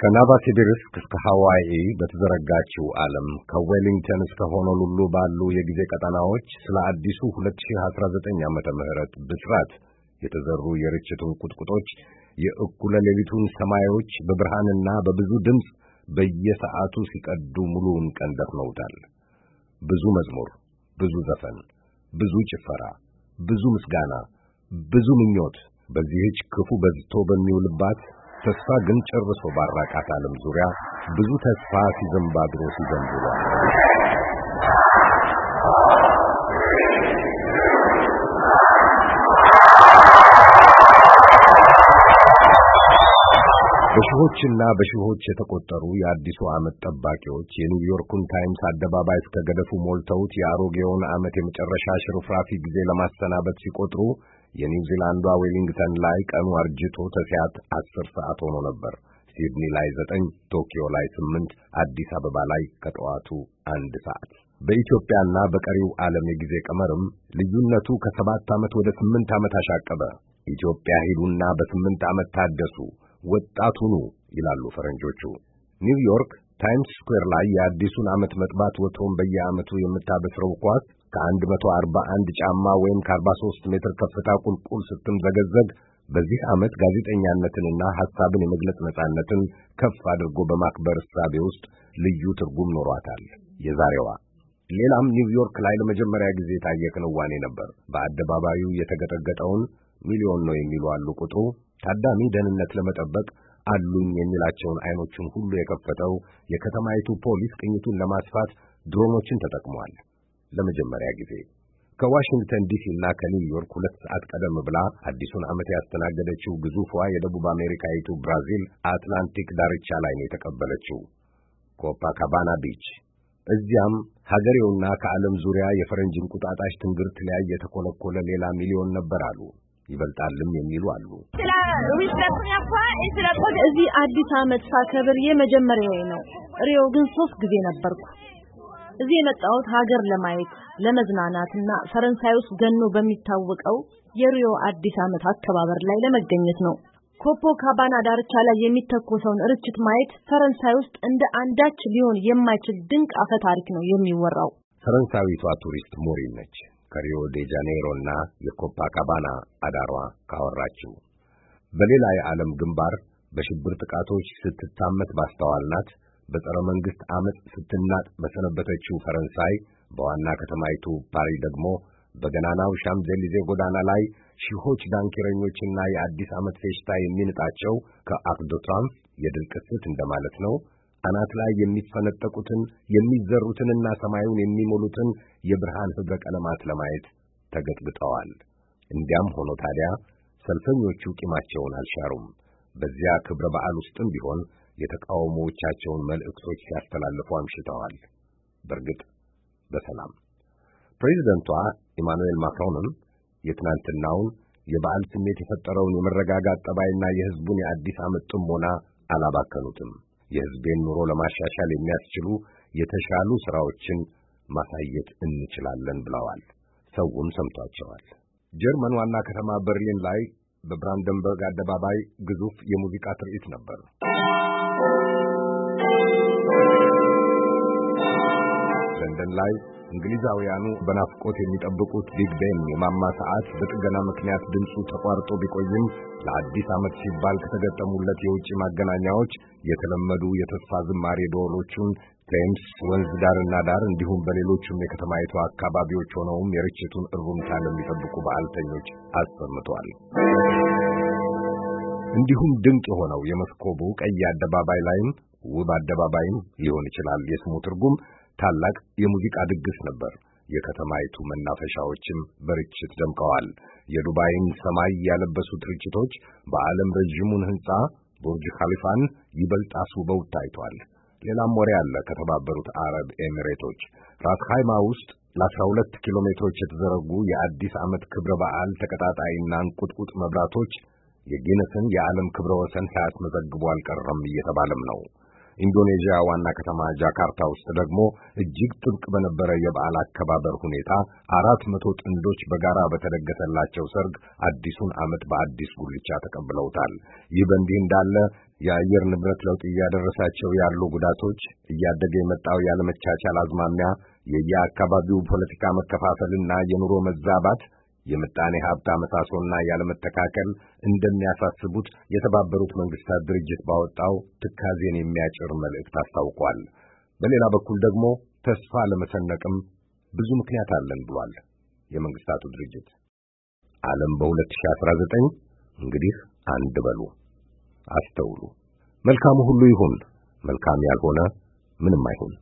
ከናቫስ ሲቢርስክ እስከ ሐዋይ በተዘረጋችው ዓለም ከዌሊንግተን እስከ ሆኖሉሉ ባሉ የጊዜ ቀጠናዎች ስለ አዲሱ 2019 ዓመተ ምህረት ብስራት የተዘሩ የርችቱን ቁጥቁጦች የእኩለ ሌሊቱን ሰማዮች በብርሃንና በብዙ ድምፅ በየሰዓቱ ሲቀዱ ሙሉውን ቀን ደፍነውታል። ብዙ መዝሙር፣ ብዙ ዘፈን፣ ብዙ ጭፈራ፣ ብዙ ምስጋና ብዙ ምኞት በዚህች ክፉ በዝቶ በሚውልባት ተስፋ ግን ጨርሶ ባራቃት ዓለም ዙሪያ ብዙ ተስፋ ሲዘንብ አድሮ ሲዘንብ ውሏል። በሺዎችና በሺዎች የተቆጠሩ የአዲሱ ዓመት ጠባቂዎች የኒውዮርኩን ታይምስ አደባባይ እስከ ገደፉ ሞልተውት የአሮጌውን ዓመት የመጨረሻ ሽርፍራፊ ጊዜ ለማሰናበት ሲቆጥሩ የኒውዚላንዷ ዌሊንግተን ላይ ቀኑ አርጅቶ ተሲያት አስር ሰዓት ሆኖ ነበር። ሲድኒ ላይ ዘጠኝ ቶኪዮ ላይ ስምንት አዲስ አበባ ላይ ከጠዋቱ አንድ ሰዓት በኢትዮጵያና በቀሪው ዓለም የጊዜ ቀመርም ልዩነቱ ከሰባት ዓመት ወደ ስምንት ዓመት አሻቀበ። ኢትዮጵያ ሂዱና በስምንት ዓመት ታደሱ፣ ወጣቱኑ ይላሉ ፈረንጆቹ። ኒውዮርክ ታይምስ ስኩዌር ላይ የአዲሱን ዓመት መጥባት ወትሮም በየዓመቱ የምታበስረው ኳስ ከ141 ጫማ ወይም ከ43 ሜትር ከፍታ ቁልቁል ስትምዘገዘግ በዚህ ዓመት ጋዜጠኛነትንና ሐሳብን የመግለጽ ነጻነትን ከፍ አድርጎ በማክበር እሳቤ ውስጥ ልዩ ትርጉም ኖሯታል የዛሬዋ። ሌላም ኒውዮርክ ላይ ለመጀመሪያ ጊዜ የታየ ክንዋኔ ነበር። በአደባባዩ የተገጠገጠውን ሚሊዮን ነው የሚሉ አሉ ቁጥሩ ታዳሚ ደህንነት ለመጠበቅ አሉኝ የሚላቸውን አይኖቹን ሁሉ የከፈተው የከተማይቱ ፖሊስ ቅኝቱን ለማስፋት ድሮኖችን ተጠቅሟል። ለመጀመሪያ ጊዜ ከዋሽንግተን ዲሲ እና ከኒውዮርክ ሁለት ሰዓት ቀደም ብላ አዲሱን ዓመት ያስተናገደችው ግዙፏ የደቡብ አሜሪካዊቱ ብራዚል አትላንቲክ ዳርቻ ላይ ነው የተቀበለችው፣ ኮፓካባና ቢች። እዚያም ሀገሬውና ከዓለም ዙሪያ የፈረንጅ እንቁጣጣሽ ትንግርት ላይ የተኮለኮለ ሌላ ሚሊዮን ነበር አሉ። ይበልጣልም የሚሉ አሉ። እዚህ አዲስ ዓመት ሳከብር የመጀመሪያዬ ነው። ሪዮ ግን ሶስት ጊዜ ነበርኩ። እዚህ የመጣሁት ሀገር ለማየት ለመዝናናትና ፈረንሳይ ውስጥ ገኖ በሚታወቀው የሪዮ አዲስ ዓመት አከባበር ላይ ለመገኘት ነው። ኮፖ ካባና ዳርቻ ላይ የሚተኮሰውን ርችት ማየት ፈረንሳይ ውስጥ እንደ አንዳች ሊሆን የማይችል ድንቅ አፈ ታሪክ ነው የሚወራው። ፈረንሳዊቷ ቱሪስት ሞሪን ነች ከሪዮ ዴ እና የኮፓ ካባና አዳሯ ካወራችው በሌላ የዓለም ግንባር በሽብር ጥቃቶች ስትታመት ባስተዋልናት በጸረ መንግስት አመጽ ስትናጥ በሰነበተችው ፈረንሳይ በዋና ከተማይቱ ፓሪ ደግሞ በገናናው ሻምዘሊዜ ጎዳና ላይ ሺሆች ዳንኪረኞችና የአዲስ ዓመት ፌሽታ የሚንጣቸው ከአርክ ደ የድል ቅስት እንደማለት ነው አናት ላይ የሚፈነጠቁትን የሚዘሩትንና ሰማዩን የሚሞሉትን የብርሃን ኅብረ ቀለማት ለማየት ተገጥግጠዋል። እንዲያም ሆኖ ታዲያ ሰልፈኞቹ ቂማቸውን አልሻሩም። በዚያ ክብረ በዓል ውስጥም ቢሆን የተቃውሞዎቻቸውን መልእክቶች ሲያስተላልፉ አምሽተዋል። በእርግጥ በሰላም ፕሬዚደንቷ ኢማኑኤል ማክሮንም የትናንትናውን የበዓል ስሜት የፈጠረውን የመረጋጋት ጠባይና የሕዝቡን የአዲስ ዓመት ጥሞና አላባከኑትም። የሕዝቤን ኑሮ ለማሻሻል የሚያስችሉ የተሻሉ ሥራዎችን ማሳየት እንችላለን ብለዋል። ሰውም ሰምቷቸዋል። ጀርመን ዋና ከተማ በርሊን ላይ በብራንደንበርግ አደባባይ ግዙፍ የሙዚቃ ትርኢት ነበር። ለንደን ላይ እንግሊዛውያኑ በናፍቆት የሚጠብቁት ቢግ ቤን የማማ ሰዓት በጥገና ምክንያት ድምፁ ተቋርጦ ቢቆይም ለአዲስ ዓመት ሲባል ከተገጠሙለት የውጭ ማገናኛዎች የተለመዱ የተስፋ ዝማሬ ደወሎቹን ቴምስ ወንዝ ዳርና ዳር እንዲሁም በሌሎቹም የከተማይቱ አካባቢዎች ሆነውም የርችቱን እሩምታ ለሚጠብቁ በዓልተኞች አሰምቷል። እንዲሁም ድንቅ የሆነው የመስኮቡ ቀይ አደባባይ ላይም ውብ አደባባይም ሊሆን ይችላል የስሙ ትርጉም ታላቅ የሙዚቃ ድግስ ነበር። የከተማይቱ መናፈሻዎችም በርችት ደምቀዋል። የዱባይን ሰማይ ያለበሱ ድርጅቶች በዓለም ረዥሙን ሕንፃ ቡርጅ ኻሊፋን ይበልጥ አስውበው ታይቷል። ሌላም ወሬ አለ። ከተባበሩት አረብ ኤሚሬቶች ራስ ውስጥ ለ12 ኪሎ ሜትሮች የተዘረጉ የአዲስ ዓመት ክብረ በዓል ተቀጣጣይና እንቁጥቁጥ መብራቶች የጊነስን የዓለም ክብረ ወሰን ሳያስመዘግቡ አልቀረም እየተባለም ነው። ኢንዶኔዥያ ዋና ከተማ ጃካርታ ውስጥ ደግሞ እጅግ ጥብቅ በነበረ የበዓል አከባበር ሁኔታ አራት መቶ ጥንዶች በጋራ በተደገሰላቸው ሰርግ አዲሱን ዓመት በአዲስ ጉልቻ ተቀብለውታል። ይህ በእንዲህ እንዳለ የአየር ንብረት ለውጥ እያደረሳቸው ያሉ ጉዳቶች፣ እያደገ የመጣው ያለመቻቻል አዝማሚያ፣ የየአካባቢው ፖለቲካ መከፋፈልና የኑሮ መዛባት የምጣኔ ሀብት አመሳሶና ያለመተካከል እንደሚያሳስቡት የተባበሩት መንግስታት ድርጅት ባወጣው ትካዜን የሚያጭር መልእክት አስታውቋል። በሌላ በኩል ደግሞ ተስፋ ለመሰነቅም ብዙ ምክንያት አለን ብሏል የመንግስታቱ ድርጅት። ዓለም በ2019 እንግዲህ አንድ በሉ፣ አስተውሉ። መልካሙ ሁሉ ይሁን፣ መልካም ያልሆነ ምንም አይሁን።